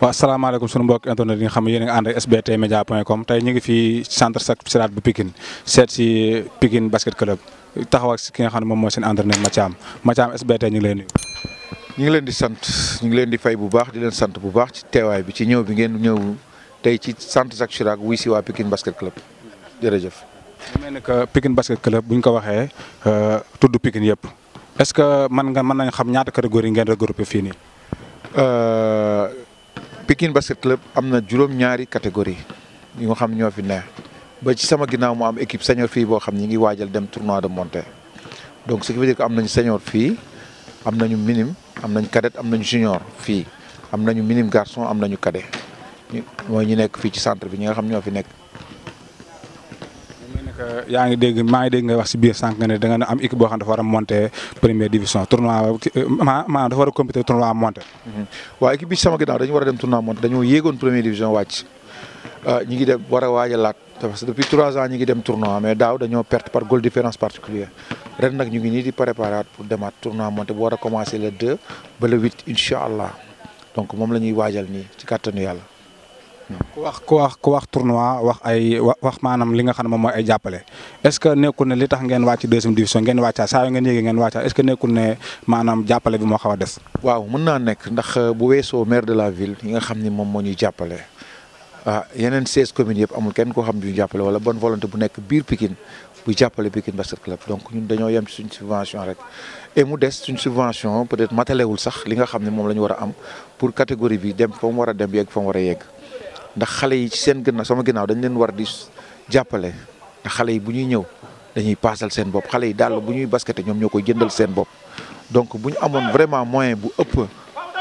waaw salaamaaleykum sunu mbokk internet yi nga xam ne yéen a ngi ànd ak sbt média point com tey ñu ngi fii centre sac sirat bu Pikine seet si Pikine basket club taxaw ak ki nga xam ne moom mooy seen entraîneur Mathiam Mathiam sbt ñu ngi leen nuyu ngi leen di sant ñu ngi leen di fay bu baax di leen sant bu baax ci teewaay bi ci ñëw bi ngeen ñëw tey ci centre sac sirat wuy si waa Pikine basket club jërëjëf mu mel ni que Pikine basket club bu ñu ko waxee euh, tudd Pikine yëpp est-ce que mën nga mën nañ xam ñaata catégorie ngeen regroupé fii nii euh, Pikine basket club am na juróom-ñaari catégorie ñu nga xam ñoo fi ne ba ci sama ginnaaw moo am équipe senior fii boo xam ñi ngi waajal dem tournoi de montée donc ce qui veut dire que am nañu senior fii am na ñu minime am nañu cadette am nañu junior fii am nañu minime garçon am nañu cadet mooy ñu nekk fii ci centre bi ñi nga xam ñoo fi nekk yaa ngi dégg maa ngi dégg nga wax si biir sànq nga ne da nga am équipe boo xam dafa war a première division tournoi maanaam dafa war a compété tournoi monter. Mhm. waaw équipe a dem tournoi monter dañoo yéegoon première division wàcc euh, ñi ngi dem war a waajalaat parce que depuis trois ans ñi ngi dem tournoi mais daaw dañoo perte par goal différence particulière ren nag ñu ngi nii di préparer pour demaat tournoi monter bu war commencer le 2 ba le 8 incha allah donc moom la waajal nii ci kàttanu ku wax ku wax ku wax tournoi wax ay wax maanaam li nga xam ne moom mooy ay jàppale est ce que nekkul ne li tax ngeen wàcc deuxième division ngeen wàccaa saa yoo ngeen yéegee ngeen wàccaa est ce que nekkul ne maanaam jàppale bi moo xaw a des. waaw mën naa nekk ndax euh, bu weeso maire de la ville yi nga xam ni moom moo ñuy jàppale ah yeneen seize communes yëpp amul kenn koo xam ne ñu jàppale wala bonne volonté bu nekk biir Pikine bu jàppale Pikine Basket Club donc ñun dañoo yem suñ subvention rek mu des suñ subvention peut-être matalewul sax li nga xam ne moom la ñu war a am pour catégorie bi dem fa war a dem yegg fa mu a yegg ndax xale yi ci seen gannaaw sama ginnaaw dañ leen war di jàppale ndax xale yi bu ñuy ñëw dañuy paasal seen bopp xale yi daal bu ñuy baskete ñoom ñoo koy jëndal seen bopp donc bu ñu amoon vraiment moyen bu ëpp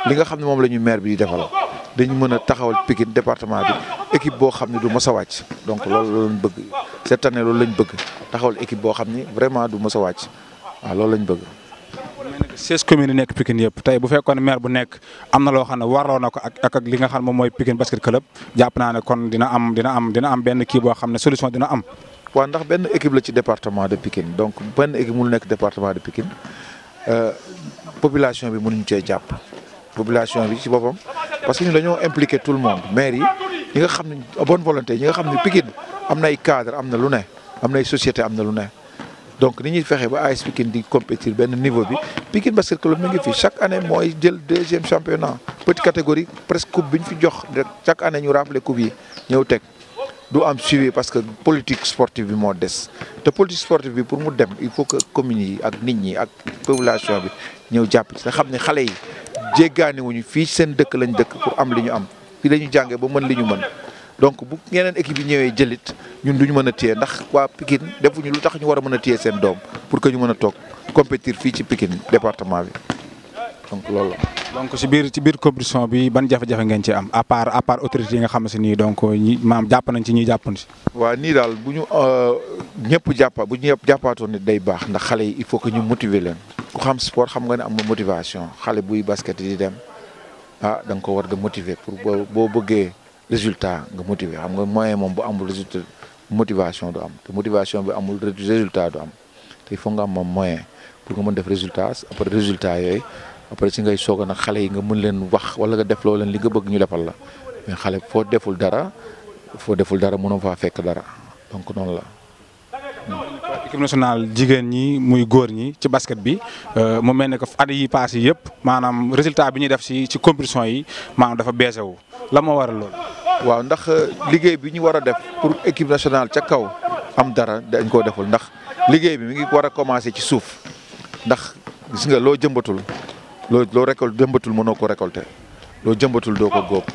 li nga xam ne moom la ñu maire bi di defal dañu mën a taxawal Pikine département bi équipe boo xam ne du mës a wàcc donc loolu lañ bëgg cette année loolu lañ bëgg taxawal équipe boo xam ni vraiment du mës a wàcc waaw loolu lañ bëgg. seize communes yi nekk Pikine yëpp tey bu fekkoon maire bu nekk am na loo xam ne warloo na ko ak ak li nga xam moom mooy Pikine basket club jàpp naa kon dina am dina am dina am benn kii boo xam ne solution dina am. waaw ndax benn équipe la ci département de Pikine donc benn équipe mu nekk département de Pikine euh, population bi mënuñ cee jàpp population bi ci boppam parce que ñun dañoo impliqué tout le monde maire yi ñi nga xam ne bonne volonté ñi nga xam ne Pikine am na ay cadre am na lu ne am na société am na lu ne. donc ni ñuy fexe ba ay Pikine di compétir benn niveau bi Pikine Basket Club mi ngi fi chaque année mooy jël deuxième championnat petite catégorie presque coupe bi ñu fi jox rek chaque année ñu rappelé coupe yi ñëw teg du am suivi parce que politique sportive bi moo des te politique sportive bi pour mu dem il faut que commune yi ak nit ñi ak population bi ñëw jàpp ci te xam ne xale yi jéggaani wuñu fii seen dëkk lañ dëkk pour am li ñu am fii la ñu jàngee ba mën li ñu mën. donc bu yeneen équipe yi ñëwee jëlit ñun duñu mën a téye ndax waa Pikine defuñu lu tax ñu war a mën a téye seen doom pour que ñu mën a toog compétir fii ci Pikine département bi donc loolu la. donc ci biir ci biir compétition bi ban jafe-jafe ngeen ci am à part à part autorité nga xam ne si nii donc ñi maam jàpp nañ ci ñi jàppoon si. waaw nii daal bu ñu euh, ñëpp jàppa bu ñu ñëpp jàppaatoon nit day baax ndax xale yi il faut que ñu motiver leen. ku xam sport xam nga ne am na motivation xale buy basket di dem ah da ko war a motiver pour boo boo bëggee. résultat nga motiver xam nga moyen moom bu amul motivation du am motivation bi amul résultat du am te il faut nga am moom moyen pour nga mën def résultat après résultat yooyu après si ngay soog a nag xale yi nga mën leen wax wala nga def loo leen li nga bëgg ñu defal la mais xale foo deful dara foo deful dara mënoo faa fekk dara donc noonu la. équipe nationale jigéen ñi muy góor ñi ci basket bi euh, mu mel ne que at yi paas yi yëpp maanaam résultat bi ñuy def si ci compétition yi maanaam dafa baissé wu la moo waral lool waaw ndax euh, liggéey bi ñu war a def pour équipe nationale ca kaw am dara dañ koo deful ndax liggéey bi mi ngi war a commencer ci suuf ndax gis nga loo jëmbatul loo loo récolte jëmbatul mënoo ko récolter loo jëmbatul doo ko góob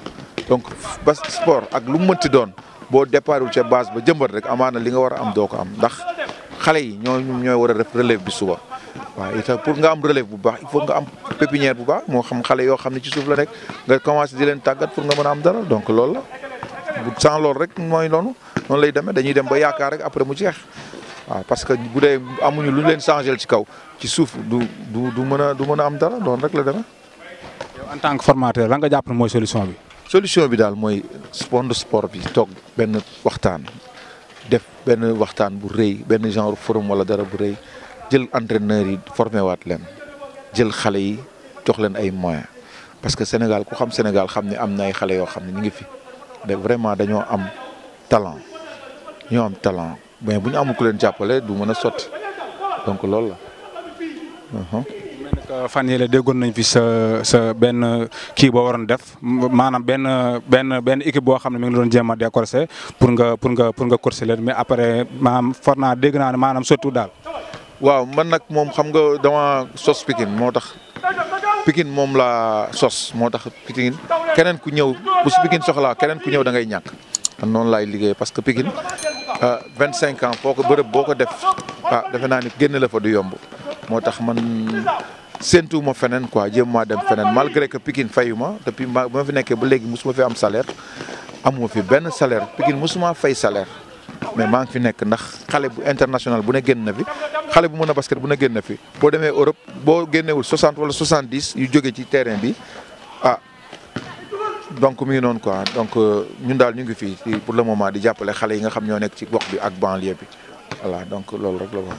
donc bas sport ak lu mu mënti doon boo départul ca base ba jëmbat rek amaana li nga war a am doo ko am ndax xale yi ñoo ñooy war a def relève bi suba. waa itam pour nga am relève bu baax il faut nga am pépinière bu baax moo xam xale yoo xam ne ci suuf la rek nga commencé di leen tàggat pour mën a am dara donc loolu la. bu sans loolu rek mooy noonu noonu lay demee dañuy dem ba yaakaar rek après mu jeex waaw parce que bu dee amuñu lu ñu leen changé ci kaw ci suuf du du du mën a du mën a am dara noonu rek la demee. yow en tant que formateur lan nga jàpp ne mooy solution bi. solution bi daal mooy spond sport bi toog benn waxtaan def benn waxtaan bu rëy benn genre forum wala dara bu rëy jël entraîneur yi formé leen jël xale yi jox leen ay moyens parce que Sénégal ku xam Sénégal xam ne am na ay xale yoo xam ne ñu ngi fi. de vraiment dañoo am talent ñoo am talent mais bu ñu amul ku leen jàppale du mën a sotti donc loolu la. Uh-huh. fan yële déggoon nañ fi sa sa benn kii boo waroon def maanaam benn benn benn équipe boo xam ne mi ngi doon jéem a décorser pour nga pour nga pour nga corser leen mais après maanaam for naa dégg naa ne maanaam sottiwul daal. waaw man nag moom xam nga dama sos Pikine moo tax Pikine moom la sos moo tax Pikine keneen ku ñëw bu su Pikine soxlaa keneen ku ñëw da ngay ñàkk noonu laay liggéey parce que Pikine euh, vingt cinq ans foo ko bërëb boo ko def ah defe naa ni génn la fa du yomb moo tax man séentu ma feneen quoi jéem maa dem feneen malgré que Pikine fayu depuis ma ma fi nekkee ba léegi mosuma fi am salaire amuma fi benn salaire Pikine mosuma fay salaire mais maa ngi fi nekk ndax xale bu international bu ne génn na fi xale bu mën a basket bu ne génn na fi boo demee Europe boo génnewul 60 wala 70 yu jóge ci terrain bi ah donc mi ngi noonu quoi donc euh, ñun daal ñu ngi fii ci pour le moment di jàppale xale yi nga xam ñoo nekk ci gox bi ak banlieue bi voilà donc loolu rek la woon.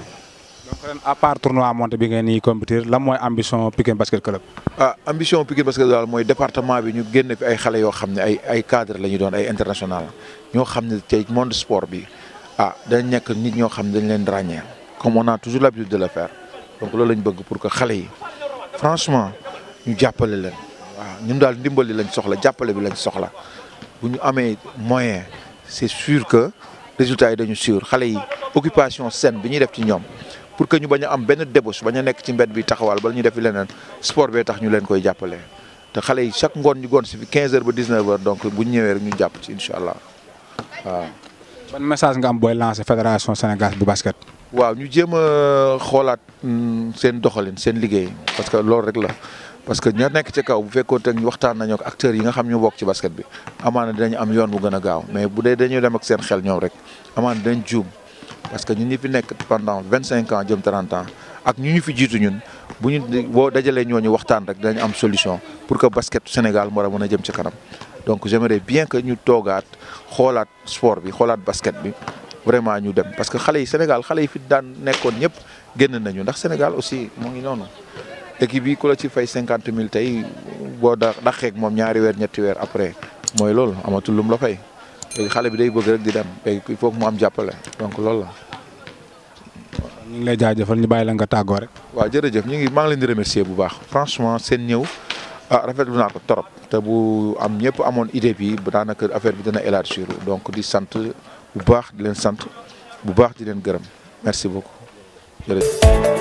donc ren monté bi ngeen di compétir lan mooy ambition Pikine basket club. ah ambition Pikine basket club daal mooy département bi ñu génn fi ay xale yoo xam ne ay ay cadre la ñu doon ay international ñoo xam ne tey monde sport bi ah dañ nekk nit ñoo xam ne dañ leen ràññee comme on a toujours l'habitude de le faire donc loolu lañ bëgg pour que xale yi franchement ñu jàppale leen. waaw ñun daal ndimbali lañ soxla jàppale bi lañ soxla bu ñu amee moyen c'est sûr que résultat yi dañu sûr xale yi occupation saine bi ñuy def ci ñoom pour que ñu bañ am benn débauche bañ nekk ci mbedd bi taxawaal bala ñu def leneen sport bee tax ñu leen koy jàppale te xale yi chaque ngoon ñu goon si fi 15 heures ba 19 heures donc bu ñu ñëwee rek ñu jàpp ci incha allah waaw. message nga am booy lancé fédération Sénégal bu basket. waaw ñu jéem a xoolaat mm, seen doxalin seen liggéey parce que loolu rek la. parce que ñoo nekk ci kaw bu fekkoon te waxtaan nañoo ak acteurs yi nga xam ñu bokk ci basket bi amaana dinañ am yoon bu gën a gaaw mais bu dee dañuy dem ak seen xel ñoom rek amaana dinañ juum parce que ñu ñi fi nekk pendant vingt cinq ans jëm trente ans ak ñu ñu fi jiitu ñun bu ñu boo dajalee ñu waxtaan rek dinañ am solution pour que basket Sénégal war a mën a jëm ci kanam donc j'aimerais bien que ñu toogaat xoolaat sport bi xoolaat basket bi vraiment ñu dem parce que xale yi Sénégal xale yi fi daan nekkoon ñëpp génn nañu ndax Sénégal aussi moo ngi noonu. équipe bi ku la ci fay cinquante mille tey boo da daqeeg moom ñaari weer ñetti weer après mooy loolu amatul lum la fay xale bi day bëgg rek di dem léegi il faut mu am jàppale donc loolu la. ñu ngi lay jaajëfal ñu bàyyi la nga tàggoo rek. waaw jërëjëf ñu ngi maa ngi leen di remercier bu baax franchement seen ñëw a ah, rafet rafetlu naa ko trop te bu am ñëpp amoon idée bi ba daanaka affaire bi dina élargir donc di sant bu baax di leen sant bu baax di leen gërëm merci beaucoup